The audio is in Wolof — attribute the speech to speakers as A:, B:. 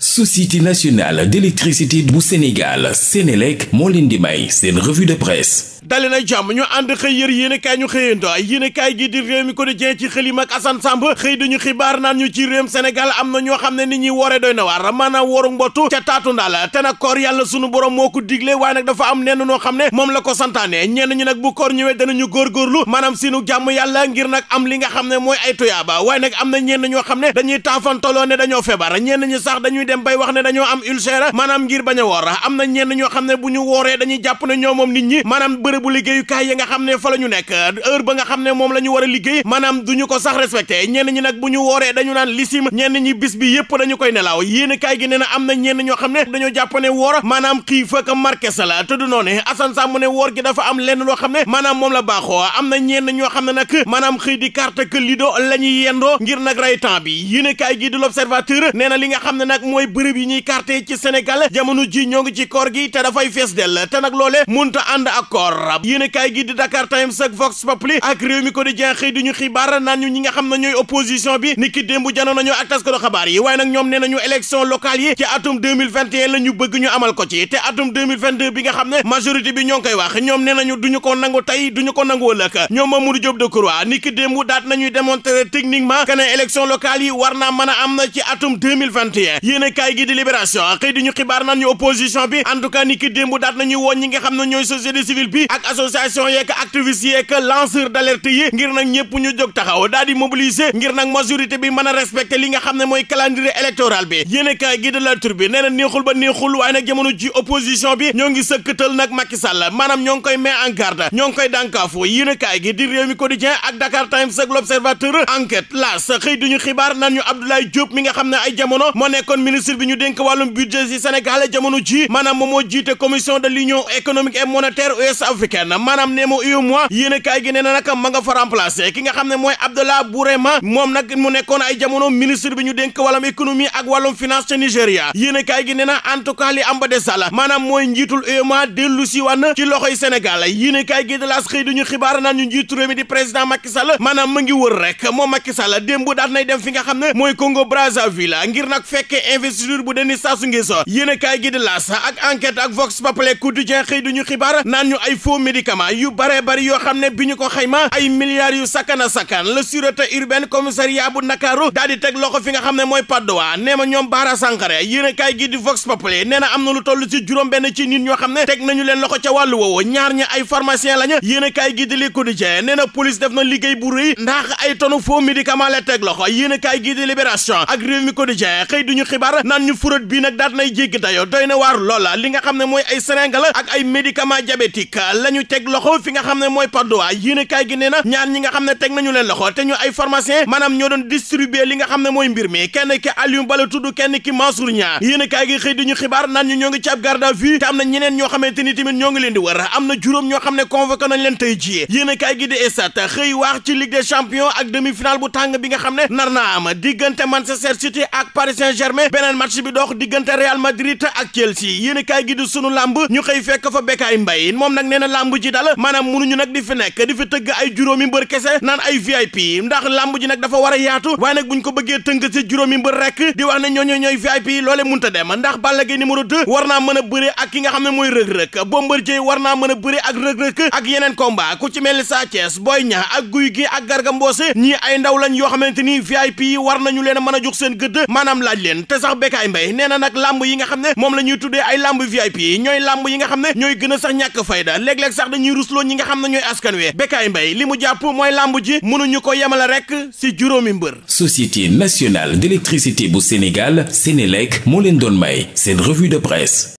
A: société nationale d'électricité bu Sénégal Sénélec moo leen di may seen revue de presse dali na jàmm ñu ànd xëy yër yéenekaay ñu xëyando yéenekaay gi di réew mi quotidien ci xëlim ak Assane Samb xëy dañu xibaar naan ñu ci réewum Sénégal am na ñoo xam ne nit ñi woore doy na waar maanaam wooru mbottu ca taatu ndaal te nag koor yàlla sunu borom moo ko digle waaye nag dafa am nenn noo xam ne moom la ko santaane ñenn ñi nag bu koor ñëwee danañu góorgóorlu maanaam sinu jàmm yàlla ngir nag am li nga xam ne mooy ay tuyaaba waaye na ñenn ñoo xam ne dañuy taafantaloo ne dañoo feebar dem bay wax ne dañoo am ulcère maanaam ngir bañ a woor am na ñenn ñoo xam ne bu ñu wooree dañuy jàpp ne ñoo moom nit ñi maanaam bërëbu liggéeyukaay yi nga xam ne fa la ñu nekk heure ba nga xam ne moom la ñu war a liggéey maanaam du ñu ko sax respecté ñenn ñi nag bu ñu wooree dañu naan lisim ñenn na am na ñenn ñoo xam ne dañoo jàpp ne woor maanaam xiif ak marqué sa am lenn loo xam ne maanaam moom la baaxoo am na ñenn ñoo xam ne nag maanaam xëy di carte que lido la ñuy yendoo ngir nag ray temps bi yéen kaay gi di l'observateur nee na li nga xam ne nag mooy bërëb yi ñuy carte ci Sénégal jamono ji ñoo ngi ci koor gi te dafay fees del te nag loole munta ànd ak koor yéenekaay gi di Dakar Times ak Vox ak réew mi quotidien xëy di ñu xibaar naan ñi nga xam ne ñooy bi ni ki démb janoo nañu ak taskatu xabaar yi waaye nag ñoom nee nañu élection locale yi ci atum 2021 bëgg ñu amal ko ci te atum bi nga xam ne majorité bi ñoo ngi koy wax ñoom nee nañu duñu ko nangu tey duñu ko nangu ëllëg yi war na ci atum 2021 kaay gi di libération xëy di ñu xibaar naan ñu opposition bi en tout cas a li nga xam ne mooy calendrier électoral bi yéen kaay gi de la bi nee na ba neexul waaye nag jamono ci opposition bi ñoo ngi sëkkatal nag Macky Sall ñoo ngi koy met en garde ñoo ngi koy dànkaafu yéen kaay gi di Rewmi Quotidien ak Dakar Times ak l'Observateur enquête las xëy di ñu xibaar naan ñu Abdoulaye Diop mi nga xam ne ay jamono moo nekkoon ministre bi ñu dénk wàllum budget si Sénégal jamono ji maanaam moom moo jiite commission de l'union économique et monétaire ouest africaine maanaam nee mo UEMOA yéen a kaay gi nee na nag ma nga fa remplacé ki nga xam ne mooy Abdallah Bourema moom nag mu nekkoon ay jamono ministre bi ñu dénk wàllum économie ak wàllum finance ca Nigéria yéen a kaay gi nee na en tout cas li am mooy njiitul UEMOA dellu si wan ci loxoy Sénégal yéen a kaay gi de laas xibaar investiture bu Denis Sassou Nguesso yéen a kaay gi di ak enquête ak Vox Populi quotidien xëy duñu xibaar naan ñu ay faux médicaments yu baree bari yoo xam ne bi ñu ko xayma ay milliards yu sakkan a sakkan la sûreté urbaine commissariat bu Ndakaaru daal teg loxo fi nga xam ne mooy padduwaa nee ma ñoom Baara Sangaré yéen a kaay gi di nee na am na lu toll ci juróom benn ci nit ñoo xam ne teg nañu leen loxo ca wàllu woowu ñaar ñi ay pharmacien lañu yéen a kaay gi di li quotidien nee na police def na liggéey bu rëy ndax a kaay gi xabaar naan ñu fraude bi nag daat nay jéggi dayo doy na waar loola li nga xam ne mooy ay seringue la ak ay médicament diabétique la teg loxo fi nga xam ne mooy padduwaa yéen a kaay gi nee na ñaar ñi nga xam ne teg nañu leen loxo te ñu ay pharmacien maanaam ñoo doon distribuer li nga xam ne mooy mbir mi kenn ki Aliou Bala tudd kenn ki Mansour Niang yéen a kaay gi xëy di ñu xibaar naan ñu ñoo ngi ci ab garde à vue te am na ñeneen ñoo xamante ni tamit ñoo ngi leen di ñoo xam leen tey a kaay gi di esat xëy wax bi nga xam ne nar naa am diggante Manchester beneen match bi dox diggante Real Madrid ak Chelsea yéen kaay gi di sunu làmb ñu xëy fekk fa Bécaye Mbaye moom nag nee na làmb ji dal maanaam mënuñu nag di fi nekk di fi tëgg ay juróomi mbër kese naan ay VIP ndax làmb ji nag dafa war a yaatu waaye nag buñ ko bëggee tënk ci juróomi mbër rek di wax ne ñooñu ñooy VIP loole munta dem ndax Balla Gaye numéro 2 war naa mën bëre ak ki nga xam ne mooy rëg-rëg Bombardier war naa mën a bëre ak rëg-rëg ak yeneen combat ku ci mel ni Sa Thiès Boy Niang ak Guy Gi ak Garga Mbossé ñii ay ndaw lañ yoo xamante ni VIP yi war nañu leen a mën a jox gëdd maanaam laaj leen sax Bécaye Mbaye nee na nag làmb yi nga xam ne moom la ñuy tuddee ay lamb VIP yi ñooy làmb yi nga xam ne ñooy gën a sax ñàkk fayda léeg-léeg sax dañuy rusloo ñi nga xam na ñooy askan wi Bécaye Mbaye li mu jàpp mooy lamb ji mënuñu ko yemale rek si juróomi mbër Société nationale d'électricité bu Sénégal Sénélec moo leen doon may seen revue de presse